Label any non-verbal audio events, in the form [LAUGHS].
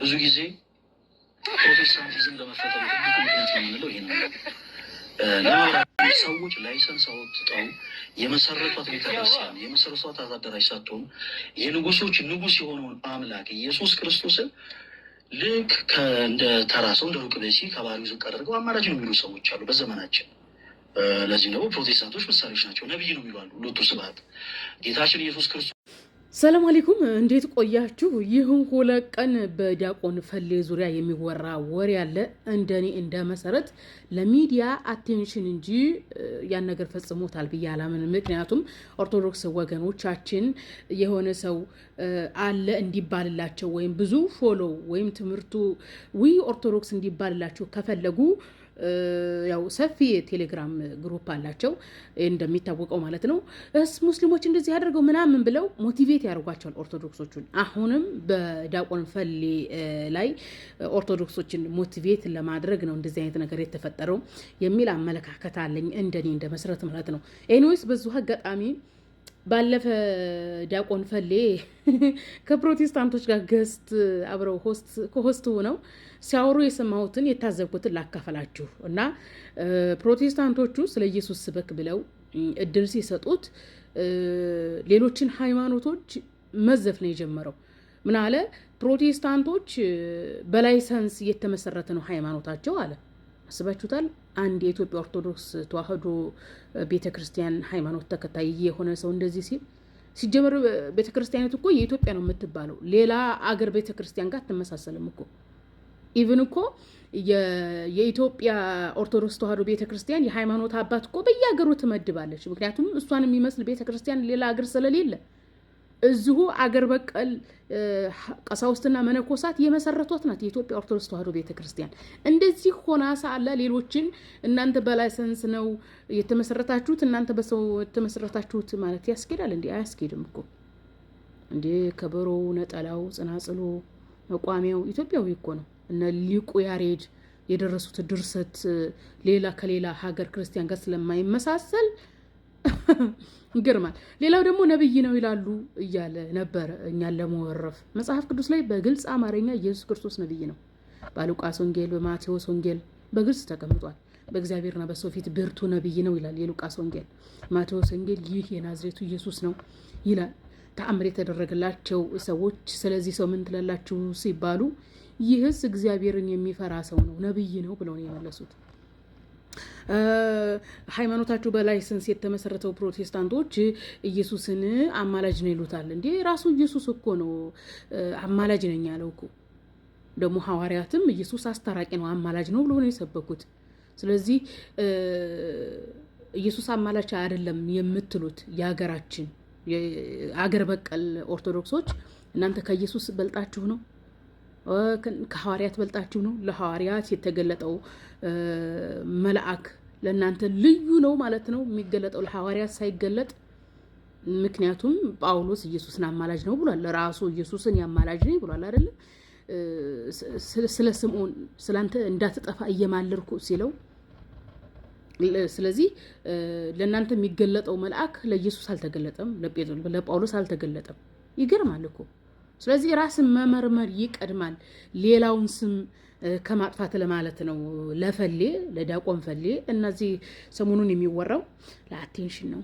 ብዙ ጊዜ ፕሮቴስታንቲዝም ለመፈጠሩ ትልቅ ምክንያት የምንለው ይሄ ነው። ለመብራት ሰዎች ላይሰንስ አውጥተው የመሰረቷት ቤተክርስቲያን የመሰረቷት አታደራጅ ሳትሆን የንጉሶች ንጉስ የሆነውን አምላክ ኢየሱስ ክርስቶስን ልክ እንደ ተራ ሰው እንደ ሩቅ ቤሲ ከባህሪው ዝቅ አደርገው አማራጭ ነው የሚሉ ሰዎች አሉ በዘመናችን። ለዚህ ደግሞ ፕሮቴስታንቶች ምሳሌዎች ናቸው። ነቢይ ነው የሚሉ አሉ። ሎቱ ስብሐት ጌታችን ኢየሱስ ክርስቶስ ሰላም አለይኩም እንዴት ቆያችሁ? ይህን ሁለት ቀን በዲያቆን ፈሌ ዙሪያ የሚወራ ወሬ አለ። እንደኔ እንደ መሰረት ለሚዲያ አቴንሽን እንጂ ያን ነገር ፈጽሞታል ብዬ አላምን። ምክንያቱም ኦርቶዶክስ ወገኖቻችን የሆነ ሰው አለ እንዲባልላቸው ወይም ብዙ ፎሎ ወይም ትምህርቱ ዊ ኦርቶዶክስ እንዲባልላቸው ከፈለጉ ያው ሰፊ የቴሌግራም ግሩፕ አላቸው እንደሚታወቀው ማለት ነው። እስ ሙስሊሞች እንደዚህ አድርገው ምናምን ብለው ሞቲቬት ያደርጓቸዋል ኦርቶዶክሶቹን። አሁንም በዲያቆን ፈሌ ላይ ኦርቶዶክሶችን ሞቲቬት ለማድረግ ነው እንደዚህ አይነት ነገር የተፈጠረው የሚል አመለካከት አለኝ እንደኔ እንደ መሰረት ማለት ነው። ኤኒዌይስ በዙ አጋጣሚ ባለፈ ዲያቆን ፈሌ [LAUGHS] ከፕሮቴስታንቶች ጋር ገስት አብረው ከሆስት ሆነው ሲያወሩ የሰማሁትን የታዘብኩትን ላካፈላችሁ እና ፕሮቴስታንቶቹ ስለ ኢየሱስ ስበክ ብለው እድል ሲሰጡት ሌሎችን ሃይማኖቶች መዘፍ ነው የጀመረው። ምን አለ? ፕሮቴስታንቶች በላይሰንስ የተመሰረተ ነው ሃይማኖታቸው አለ። አስባችሁታል? አንድ የኢትዮጵያ ኦርቶዶክስ ተዋህዶ ቤተ ክርስቲያን ሃይማኖት ተከታይ የሆነ ሰው እንደዚህ ሲል ሲጀመር ቤተ ክርስቲያኒቱ እኮ የኢትዮጵያ ነው የምትባለው። ሌላ አገር ቤተ ክርስቲያን ጋር አትመሳሰልም እኮ ኢቭን እኮ የኢትዮጵያ ኦርቶዶክስ ተዋህዶ ቤተ ክርስቲያን የሃይማኖት አባት እኮ በየሀገሩ ትመድባለች። ምክንያቱም እሷን የሚመስል ቤተ ክርስቲያን ሌላ አገር ስለሌለ እዚሁ አገር በቀል ቀሳውስትና መነኮሳት የመሰረቷት ናት የኢትዮጵያ ኦርቶዶክስ ተዋሕዶ ቤተ ክርስቲያን። እንደዚህ ሆና ሳለ ሌሎችን እናንተ በላይሰንስ ነው የተመሰረታችሁት፣ እናንተ በሰው የተመሰረታችሁት ማለት ያስኬዳል እንዴ? አያስኬድም እኮ እንዴ! ከበሮው፣ ነጠላው፣ ጽናጽሎ መቋሚያው ኢትዮጵያዊ እኮ ነው። እነ ሊቁ ያሬድ የደረሱት ድርሰት ሌላ ከሌላ ሀገር ክርስቲያን ጋር ስለማይመሳሰል ግርማል ሌላው ደግሞ ነብይ ነው ይላሉ እያለ ነበረ እኛን ለመወረፍ መጽሐፍ ቅዱስ ላይ በግልጽ አማርኛ ኢየሱስ ክርስቶስ ነብይ ነው በሉቃስ ወንጌል በማቴዎስ ወንጌል በግልጽ ተቀምጧል በእግዚአብሔርና በሰው ፊት ብርቱ ነብይ ነው ይላል የሉቃስ ወንጌል ማቴዎስ ወንጌል ይህ የናዝሬቱ ኢየሱስ ነው ይላል ተአምር የተደረገላቸው ሰዎች ስለዚህ ሰው ምን ትላላችሁ ሲባሉ ይህስ እግዚአብሔርን የሚፈራ ሰው ነው ነብይ ነው ብለው ነው የመለሱት ሃይማኖታቸው በላይሰንስ የተመሰረተው ፕሮቴስታንቶች ኢየሱስን አማላጅ ነው ይሉታል። እንዲ ራሱ ኢየሱስ እኮ ነው አማላጅ ነኝ ያለው እኮ። ደግሞ ሐዋርያትም ኢየሱስ አስታራቂ ነው አማላጅ ነው ብሎ ነው የሰበኩት። ስለዚህ ኢየሱስ አማላች አይደለም የምትሉት የሀገራችን አገር በቀል ኦርቶዶክሶች እናንተ ከኢየሱስ በልጣችሁ ነው። ከሐዋርያት በልጣችሁ ነው። ለሐዋርያት የተገለጠው መልአክ ለእናንተ ልዩ ነው ማለት ነው የሚገለጠው ለሐዋርያት ሳይገለጥ ምክንያቱም ጳውሎስ ኢየሱስን አማላጅ ነው ብሏል። ራሱ ኢየሱስን ያማላጅ ነው ብሏል አይደለም። ስለ ስምዖን ስላንተ እንዳትጠፋ እየማለርኩ ሲለው፣ ስለዚህ ለእናንተ የሚገለጠው መልአክ ለኢየሱስ አልተገለጠም፣ ለጳውሎስ አልተገለጠም። ይገርማል እኮ ስለዚህ ራስን መመርመር ይቀድማል ሌላውን ስም ከማጥፋት ለማለት ነው። ለፈሌ ለዲያቆን ፈሌ እነዚህ ሰሞኑን የሚወራው ለአቴንሽን ነው።